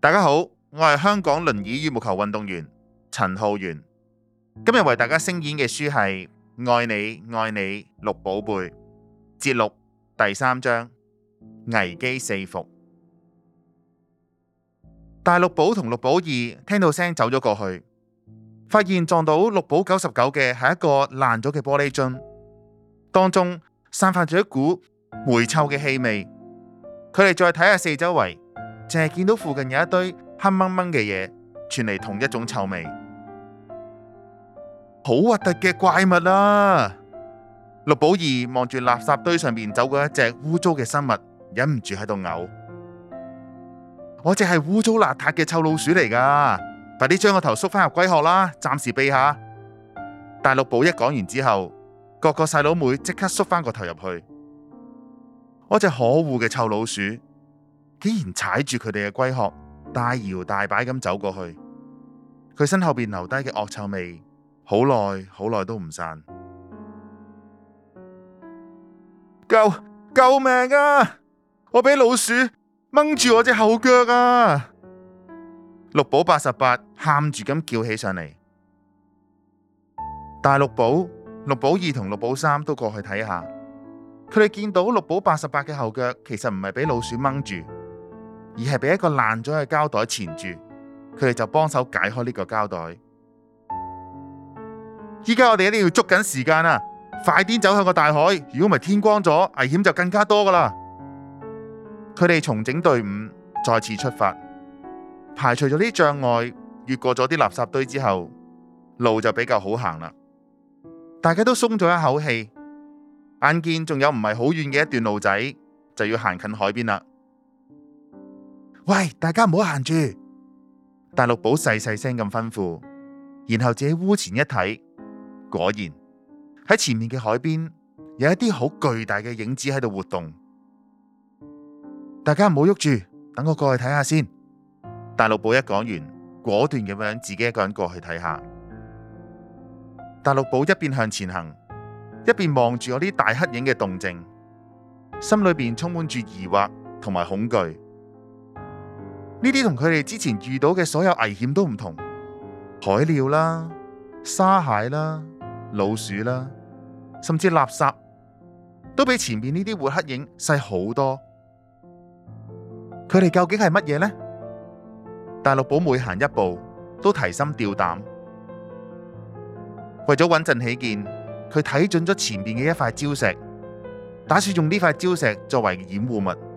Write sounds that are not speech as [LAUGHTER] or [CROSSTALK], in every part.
大家好，我係香港輪椅羽毛球運動員陳浩源。今日為大家聲演嘅書係《愛你愛你綠寶貝》節錄第三章《危機四伏》。大綠寶同綠寶二聽到聲，走咗過去，發現撞到綠寶九十九嘅係一個爛咗嘅玻璃樽，當中散發住一股霉臭嘅氣味。佢哋再睇下四周圍。淨係見到附近有一堆黑掹掹嘅嘢，傳嚟同一種臭味， [NOISE] 好核突嘅怪物啦、啊！綠寶兒望住垃圾堆上面走過一隻污糟嘅生物，忍唔住喺度嘔。我只係污糟邋遢嘅臭老鼠嚟噶，快啲將個頭縮翻入龜殼啦，暫時避下 [NOISE] 大綠寶一講完之後，各個細佬妹即刻縮翻個頭入去。嗰隻可惡嘅臭老鼠。竟然踩住佢哋嘅龜殼，大搖大擺咁走過去。佢身後邊留低嘅惡臭味，好耐好耐都唔散。救救命啊！我俾老鼠掹住我隻後腳啊！綠寶八十八喊住咁叫起上嚟。大綠寶、綠寶二同綠寶三都過去睇下。佢哋見到綠寶八十八嘅後腳，其實唔係俾老鼠掹住。而係俾一個爛咗嘅膠袋纏住，佢哋就幫手解開呢個膠袋。依家我哋一定要捉緊時間啦，快啲走向個大海。如果唔係天光咗，危險就更加多噶啦。佢哋重整隊伍，再次出發，排除咗啲障礙，越過咗啲垃圾堆之後，路就比較好行啦。大家都鬆咗一口氣，眼見仲有唔係好遠嘅一段路仔，就要行近海邊啦。喂，大家唔好行住。大綠寶細細聲咁吩咐，然後自己喺屋前一睇，果然喺前面嘅海邊有一啲好巨大嘅影子喺度活動。大家唔好喐住，等我過去睇下先。大綠寶一講完，果斷咁樣自己一個人過去睇下。大綠寶一邊向前行，一邊望住嗰啲大黑影嘅動靜，心裏面充滿住疑惑同埋恐懼。呢啲同佢哋之前遇到嘅所有危險都唔同，海鳥啦、沙蟹啦、老鼠啦，甚至垃圾，都比前邊呢啲活黑影細好多。佢哋究竟係乜嘢呢？大綠寶每行一步都提心吊膽，為咗穩陣起見，佢睇準咗前邊嘅一塊礁石，打算用呢塊礁石作為掩護物。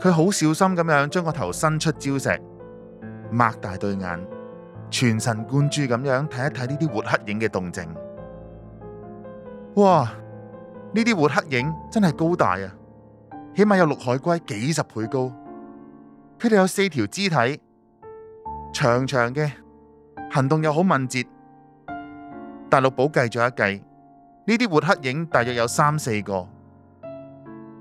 佢好小心咁樣將個頭伸出礁石，擘大對眼，全神貫注咁樣睇一睇呢啲活黑影嘅動靜。哇！呢啲活黑影真係高大啊，起碼有綠海龜幾十倍高。佢哋有四條肢體，長長嘅，行動又好敏捷。大綠寶計咗一計，呢啲活黑影大約有三四個。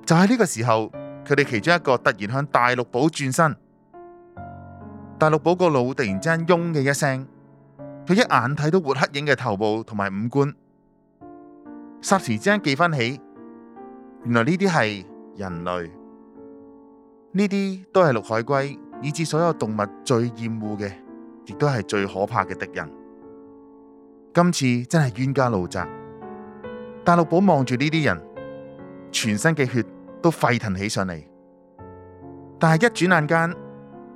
就喺呢個時候。佢哋其中一個突然向大綠寶轉身，大綠寶個腦突然之間嗡嘅一聲，佢一眼睇到活黑影嘅頭部同埋五官，霎時之間記翻起，原來呢啲係人類，呢啲都係綠海龜以至所有動物最厭惡嘅，亦都係最可怕嘅敵人。今次真係冤家路窄，大綠寶望住呢啲人，全身嘅血，都沸騰起上嚟，但係一轉眼間，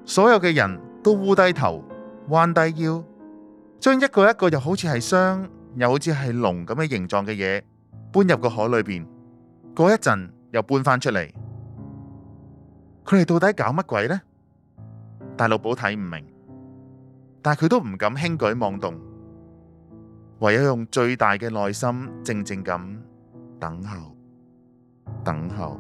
所有嘅人都烏低頭、彎低腰，將一個一個又好似係箱，又好似係籠咁嘅形狀嘅嘢搬入個海裏邊。過一陣又搬翻出嚟，佢哋到底搞乜鬼呢？大綠寶睇唔明，但係佢都唔敢輕舉妄動，唯有用最大嘅耐心，靜靜咁等候，等候。